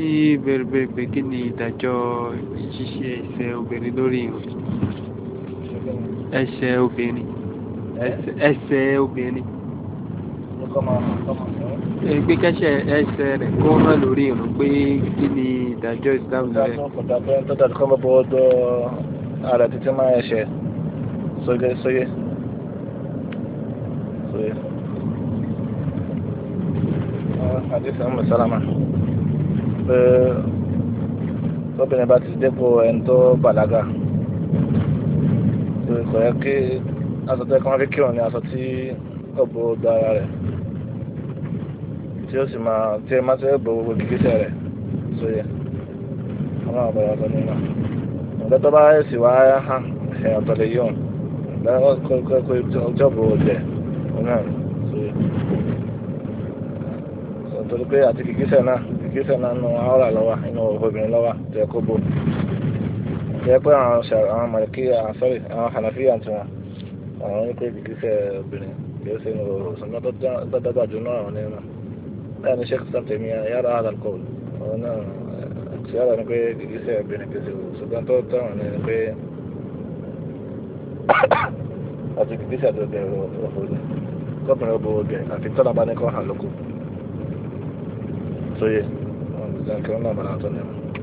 sí bẹ̀rẹ̀ bẹ̀rẹ̀ pé kí ni ìdájọ́ ṣíṣe ẹsẹ̀ obìnrin lórí irun ẹsẹ̀ obìnrin ẹsẹ̀ obìnrin pé kẹ́sẹ̀ ẹsẹ̀ rẹ̀ kó hàn lórí irun pé kí ni ìdájọ́ Islam rẹ̀. kò títí máa ẹsẹ̀ sóyè sóyè sóyè. حديث أم سلمة pé tóbìnrin bá ti dépò ẹni tó bàlágà kò yẹ kí aṣọ tó yẹ kí wọ́n fi kírun ní aṣọ tí kò bo dára rẹ̀ tí ó sì máa tí ẹ máa ṣe bo gbogbo gìgísẹ̀ rẹ̀ sóye ọlọ́run ọ̀bẹ ọ̀tọ̀ nínú ọ̀dọ́ tó bá sì wá hàn ẹ̀ ọ̀tọ̀ lè yóò lọ́wọ́ kọ́kọ́ ọjọ́ bo ọ̀dẹ̀ ọ̀nà sóye ọ̀tọ̀ ló pé àti gìgísẹ̀ náà gíṣẹ̀ náà nù áwòrà lọ́wọ́ inú obìnrin lọ́wọ́ tẹ̀ kó bò tẹ̀ pé àwọn àwọn màlìkí àsọ́rì àwọn hànàfíà tí wọn àwọn ní pé gíṣẹ̀ obìnrin kì í ṣe nù sọ́nà tó dàgbà jù náà àwọn ẹ̀ma bẹ́ẹ̀ ni sheikh sam tèmi yàrá àdàn kọ́ òun náà ti yàrá ni pé gíṣẹ̀ obìnrin kì í ṣe ṣùgbọ́n tó táwọn ní pé àti gíṣẹ̀ tó bẹ̀rẹ̀ òfurufú kọ́pìnrin ọ̀bọ̀ obìnrin àti tọ́lábánikọ́ hàn lóko. 所以。那可能没办法，真的。